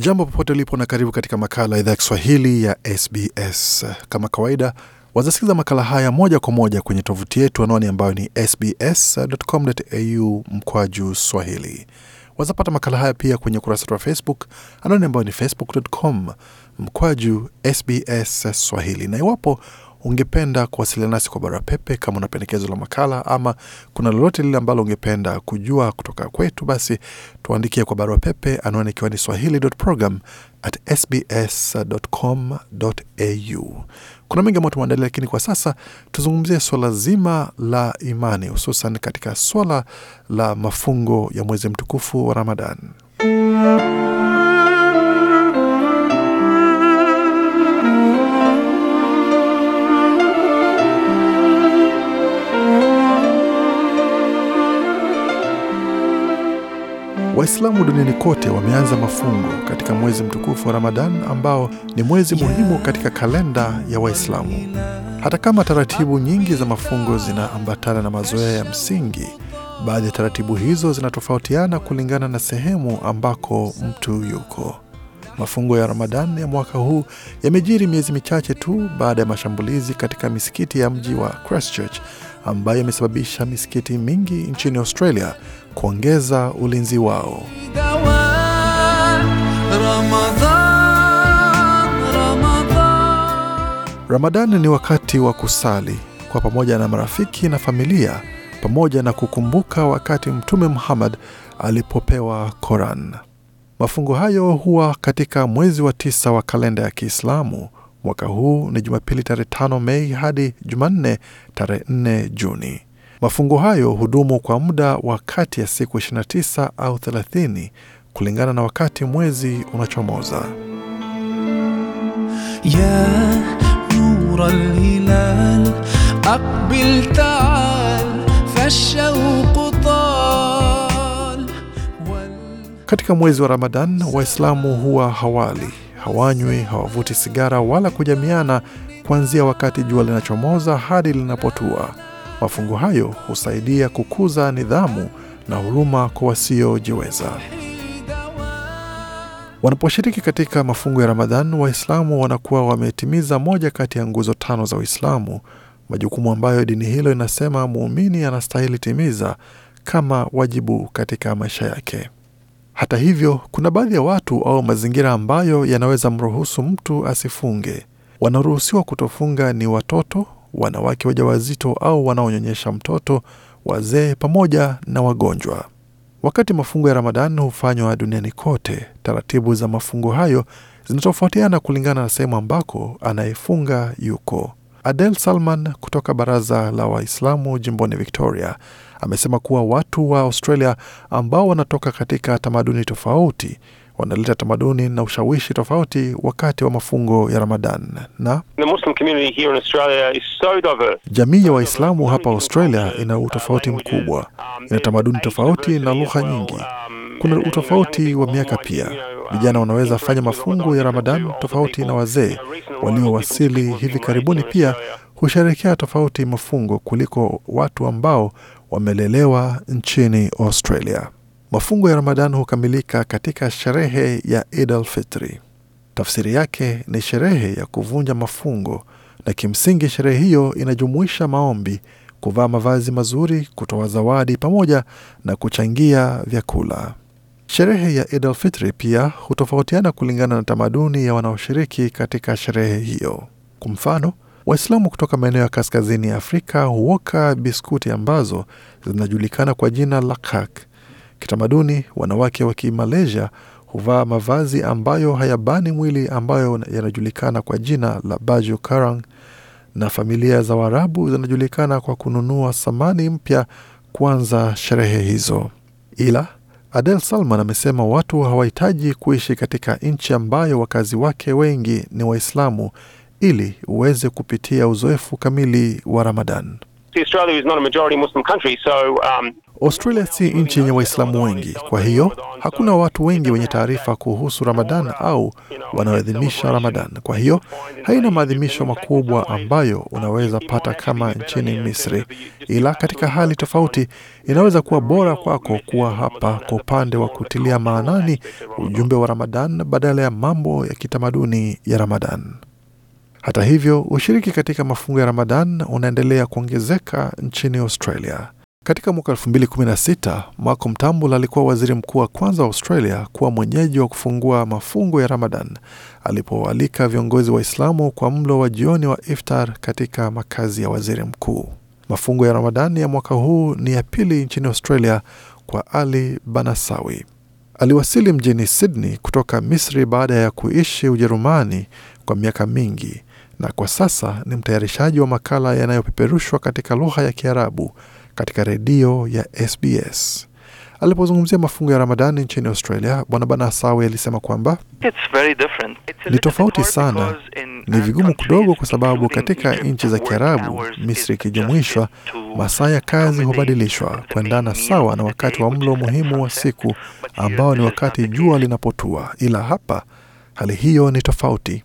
Jambo popote ulipo na karibu katika makala ya idhaa ya Kiswahili ya SBS. Kama kawaida, wazasikiza makala haya moja kwa moja kwenye tovuti yetu, anwani ambayo ni sbs.com.au mkwaju swahili. Wazapata makala haya pia kwenye ukurasa wetu wa Facebook, anwani ambayo ni facebook.com mkwaju sbs swahili, na iwapo ungependa kuwasiliana nasi kwa barua pepe, kama una pendekezo la makala ama kuna lolote lile ambalo ungependa kujua kutoka kwetu, basi tuandikie kwa barua pepe, anwani ikiwa ni swahili.program sbs.com.au. Kuna mengi ambayo tumeandalia, lakini kwa sasa tuzungumzie swala zima la imani, hususan katika swala la mafungo ya mwezi mtukufu wa Ramadan. Waislamu duniani kote wameanza mafungo katika mwezi mtukufu wa Ramadan ambao ni mwezi muhimu katika kalenda ya Waislamu. Hata kama taratibu nyingi za mafungo zinaambatana na mazoea ya msingi, baadhi ya taratibu hizo zinatofautiana kulingana na sehemu ambako mtu yuko. Mafungo ya Ramadan ya mwaka huu yamejiri miezi michache tu baada ya mashambulizi katika misikiti ya mji wa Christchurch ambayo imesababisha misikiti mingi nchini Australia kuongeza ulinzi wao. ramadan ni wakati wa kusali kwa pamoja na marafiki na familia, pamoja na kukumbuka wakati Mtume Muhammad alipopewa Koran. Mafungo hayo huwa katika mwezi wa tisa wa kalenda ya Kiislamu Mwaka huu ni Jumapili tarehe 5 Mei hadi Jumanne tarehe 4 Juni. Mafungo hayo hudumu kwa muda wa kati ya siku 29 au 30 kulingana na wakati mwezi unachomoza. Katika mwezi wa Ramadan Waislamu huwa hawali hawanywi, hawavuti sigara wala kujamiana kuanzia wakati jua linachomoza hadi linapotua. mafungo hayo husaidia kukuza nidhamu na huruma kwa wasiojiweza. Wanaposhiriki katika mafungo ya Ramadhan, Waislamu wanakuwa wametimiza moja kati ya nguzo tano za Uislamu, majukumu ambayo dini hilo inasema muumini anastahili timiza kama wajibu katika maisha yake. Hata hivyo, kuna baadhi ya watu au mazingira ambayo yanaweza mruhusu mtu asifunge. Wanaruhusiwa kutofunga ni watoto, wanawake wajawazito au wanaonyonyesha mtoto, wazee pamoja na wagonjwa. Wakati mafungo ya ramadan hufanywa duniani kote, taratibu za mafungo hayo zinatofautiana kulingana na sehemu ambako anayefunga yuko. Adel Salman kutoka Baraza la Waislamu jimboni Victoria amesema kuwa watu wa Australia ambao wanatoka katika tamaduni tofauti wanaleta tamaduni na ushawishi tofauti wakati wa mafungo ya Ramadan na so jamii ya Waislamu hapa Australia ina utofauti mkubwa, ina tamaduni tofauti na lugha nyingi. Kuna utofauti wa miaka pia Vijana wanaweza fanya mafungo ya ramadan tofauti na wazee. Waliowasili hivi karibuni pia husherekea tofauti mafungo kuliko watu ambao wamelelewa nchini Australia. Mafungo ya ramadan hukamilika katika sherehe ya Eid al-Fitri. Tafsiri yake ni sherehe ya kuvunja mafungo, na kimsingi sherehe hiyo inajumuisha maombi, kuvaa mavazi mazuri, kutoa zawadi, pamoja na kuchangia vyakula. Sherehe ya Eid fitri pia hutofautiana kulingana na tamaduni ya wanaoshiriki katika sherehe hiyo. Kwa mfano, Waislamu kutoka maeneo ya kaskazini ya Afrika huoka biskuti ambazo zinajulikana kwa jina la kak. Kitamaduni, wanawake wa Kimalaysia huvaa mavazi ambayo hayabani mwili ambayo yanajulikana kwa jina la baju karang, na familia za Waarabu zinajulikana kwa kununua samani mpya kuanza sherehe hizo ila Adel Salman amesema watu hawahitaji kuishi katika nchi ambayo wakazi wake wengi ni Waislamu ili uweze kupitia uzoefu kamili wa Ramadan. Australia is not a majority Muslim country, so, um... Australia si nchi yenye Waislamu wengi, kwa hiyo hakuna watu wengi wenye taarifa kuhusu Ramadan au wanaoadhimisha Ramadan. Kwa hiyo haina maadhimisho makubwa ambayo unaweza pata kama nchini Misri, ila katika hali tofauti inaweza kuwa bora kwako kuwa hapa kwa upande wa kutilia maanani ujumbe wa Ramadan badala ya mambo ya kitamaduni ya Ramadan. Hata hivyo, ushiriki katika mafungo ya Ramadan unaendelea kuongezeka nchini Australia. Katika mwaka 2016 Malcolm Turnbull alikuwa waziri mkuu wa kwanza wa Australia kuwa mwenyeji wa kufungua mafungo ya Ramadan alipoalika viongozi wa Islamu kwa mlo wa jioni wa iftar katika makazi ya waziri mkuu. Mafungo ya Ramadan ya mwaka huu ni ya pili nchini Australia kwa Ali Banasawi. Aliwasili mjini Sydney kutoka Misri baada ya kuishi Ujerumani kwa miaka mingi na kwa sasa ni mtayarishaji wa makala yanayopeperushwa katika lugha ya Kiarabu katika redio ya SBS. Alipozungumzia mafungo ya Ramadani nchini Australia, Bwana Banasawe alisema kwamba ni tofauti sana, ni vigumu kidogo, kwa sababu katika nchi za Kiarabu, Misri ikijumuishwa, masaa ya kazi hubadilishwa kuendana sawa na wakati wa mlo muhimu wa siku ambao ni wakati jua linapotua, ila hapa hali hiyo ni tofauti.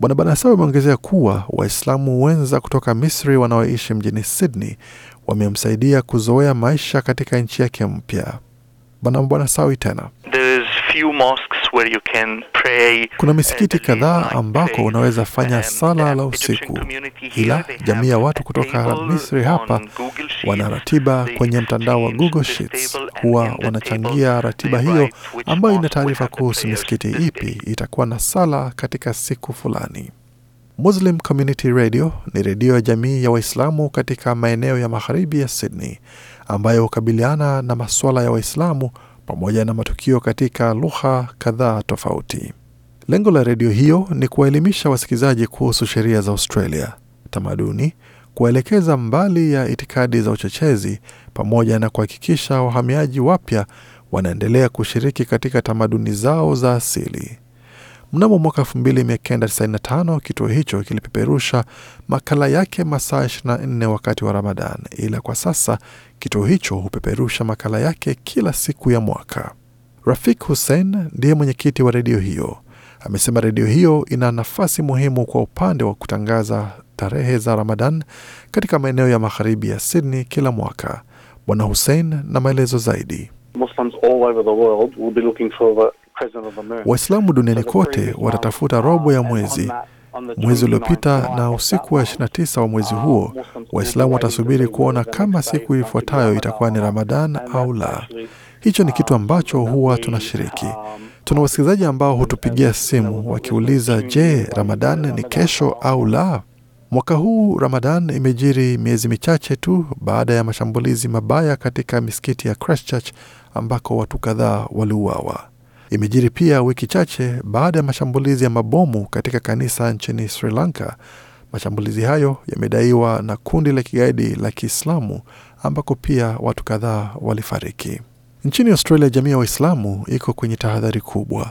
Bwana Banasawe ameongezea kuwa Waislamu wenza kutoka Misri wanaoishi mjini Sydney wamemsaidia kuzoea maisha katika nchi yake mpya. Bwana Bwana Sawi tena kuna misikiti kadhaa ambako unaweza fanya sala la usiku, ila jamii ya watu kutoka Misri hapa wana ratiba kwenye mtandao wa Google Sheets, huwa wanachangia ratiba hiyo ambayo ina taarifa kuhusu misikiti ipi itakuwa na sala katika siku fulani. Muslim Community Radio ni redio ya jamii ya Waislamu katika maeneo ya magharibi ya Sydney ambayo hukabiliana na masuala ya Waislamu pamoja na matukio katika lugha kadhaa tofauti. Lengo la redio hiyo ni kuwaelimisha wasikilizaji kuhusu sheria za Australia, tamaduni, kuwaelekeza mbali ya itikadi za uchochezi, pamoja na kuhakikisha wahamiaji wapya wanaendelea kushiriki katika tamaduni zao za asili. Mnamo mwaka 1995 kituo hicho kilipeperusha makala yake masaa 24 wakati wa Ramadan, ila kwa sasa kituo hicho hupeperusha makala yake kila siku ya mwaka. Rafik Hussein ndiye mwenyekiti wa redio hiyo. Amesema redio hiyo ina nafasi muhimu kwa upande wa kutangaza tarehe za Ramadan katika maeneo ya magharibi ya Sydney kila mwaka. Bwana Hussein na maelezo zaidi. Muslims all over the world will be looking for Waislamu duniani kote watatafuta robo ya mwezi mwezi uliopita na usiku wa 29 wa mwezi ah, huo, Waislamu watasubiri kuona kama siku ifuatayo itakuwa ni ramadan au la. Hicho ni ah, kitu ambacho huwa tunashiriki. Um, Tuna wasikilizaji ambao hutupigia simu wakiuliza, je, ramadan ni kesho au la? Mwaka huu ramadan imejiri miezi michache tu baada ya mashambulizi mabaya katika misikiti ya Christchurch ambako watu kadhaa waliuawa imejiri pia wiki chache baada ya mashambulizi ya mabomu katika kanisa nchini Sri Lanka. Mashambulizi hayo yamedaiwa na kundi la kigaidi la Kiislamu ambako pia watu kadhaa walifariki. Nchini Australia, jamii ya Waislamu iko kwenye tahadhari kubwa.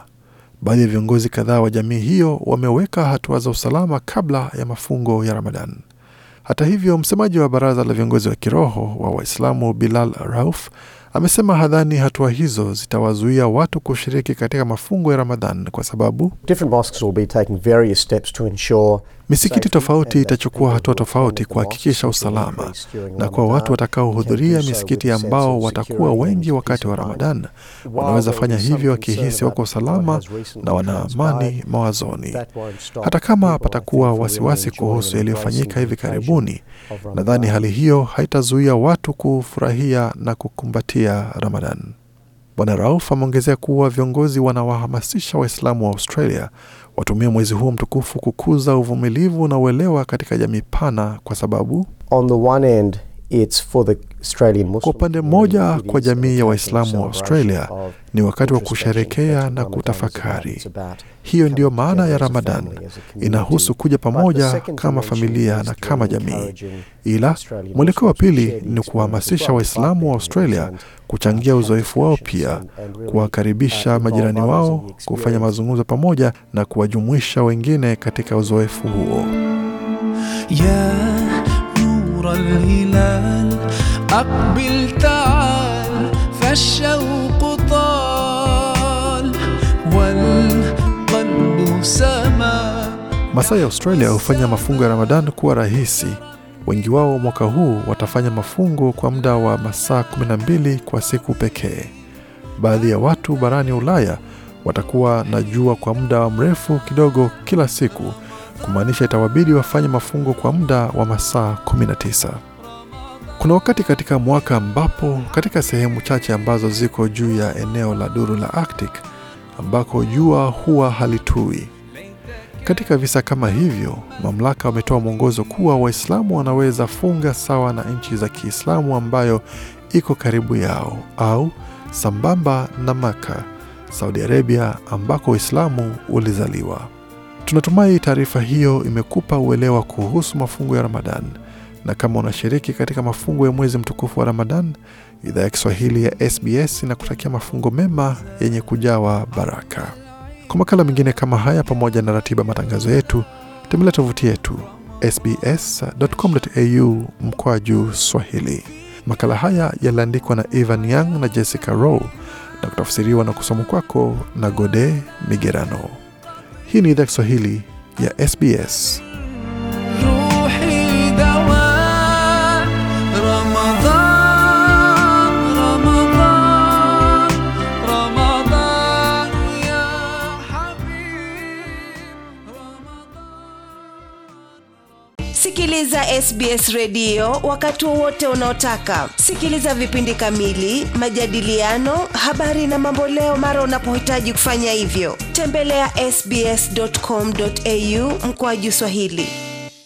Baadhi ya viongozi kadhaa wa jamii hiyo wameweka hatua za usalama kabla ya mafungo ya Ramadan. Hata hivyo, msemaji wa baraza la viongozi wa kiroho wa Waislamu Bilal Rauf Amesema hadhani hatua hizo zitawazuia watu kushiriki katika mafungo ya Ramadhan kwa sababu Misikiti tofauti itachukua hatua tofauti kuhakikisha usalama, na kwa watu watakaohudhuria misikiti ambao watakuwa wengi wakati wa Ramadan, wanaweza fanya hivyo wakihisi wako salama na wana amani mawazoni, hata kama patakuwa wasiwasi kuhusu yaliyofanyika hivi karibuni. Nadhani hali hiyo haitazuia watu kufurahia na kukumbatia Ramadan. Bwana Rauf ameongezea kuwa viongozi wanawahamasisha Waislamu wa Australia watumia mwezi huu mtukufu kukuza uvumilivu na uelewa katika jamii pana, kwa sababu on the one end kwa upande mmoja, kwa jamii ya Waislamu wa Australia ni wakati wa kusherekea na kutafakari. Hiyo ndiyo maana ya Ramadan, inahusu kuja pamoja kama familia na kama jamii. Ila mwelekeo wa pili ni kuwahamasisha Waislamu wa Australia uh, kuchangia uzoefu wao, pia uh, kuwakaribisha majirani wao, kufanya mazungumzo pamoja na kuwajumuisha wengine katika uzoefu huo. Yeah. نور الهلال أقبل تعال فالشوق طال والقلب سما Masai ya Australia hufanya mafungo ya Ramadan kuwa rahisi. Wengi wao mwaka huu watafanya mafungo kwa muda wa masaa 12 kwa siku pekee. Baadhi ya watu barani Ulaya watakuwa na jua kwa muda mrefu kidogo kila siku kumaanisha itawabidi wafanye mafungo kwa muda wa masaa 19. Kuna wakati katika mwaka ambapo katika sehemu chache ambazo ziko juu ya eneo la duru la Arctic ambako jua huwa halitui. Katika visa kama hivyo, mamlaka wametoa mwongozo kuwa Waislamu wanaweza funga sawa na nchi za Kiislamu ambayo iko karibu yao au sambamba na Maka, Saudi Arabia ambako Uislamu ulizaliwa. Tunatumai taarifa hiyo imekupa uelewa kuhusu mafungo ya ramadan na kama unashiriki katika mafungo ya mwezi mtukufu wa ramadan idhaa ya Kiswahili ya SBS inakutakia mafungo mema yenye kujawa baraka. Kwa makala mengine kama haya, pamoja na ratiba matangazo yetu, tembelea tovuti yetu sbs.com.au mkoa juu Swahili. Makala haya yaliandikwa na Evan Young na Jessica Rowe na kutafsiriwa na kusoma kwako na Gode Migerano. Hii ni idhaa Kiswahili ya SBS. sikiliza sbs redio wakati wowote unaotaka sikiliza vipindi kamili majadiliano habari na mamboleo mara unapohitaji kufanya hivyo tembelea ya sbscomau mkoaju swahili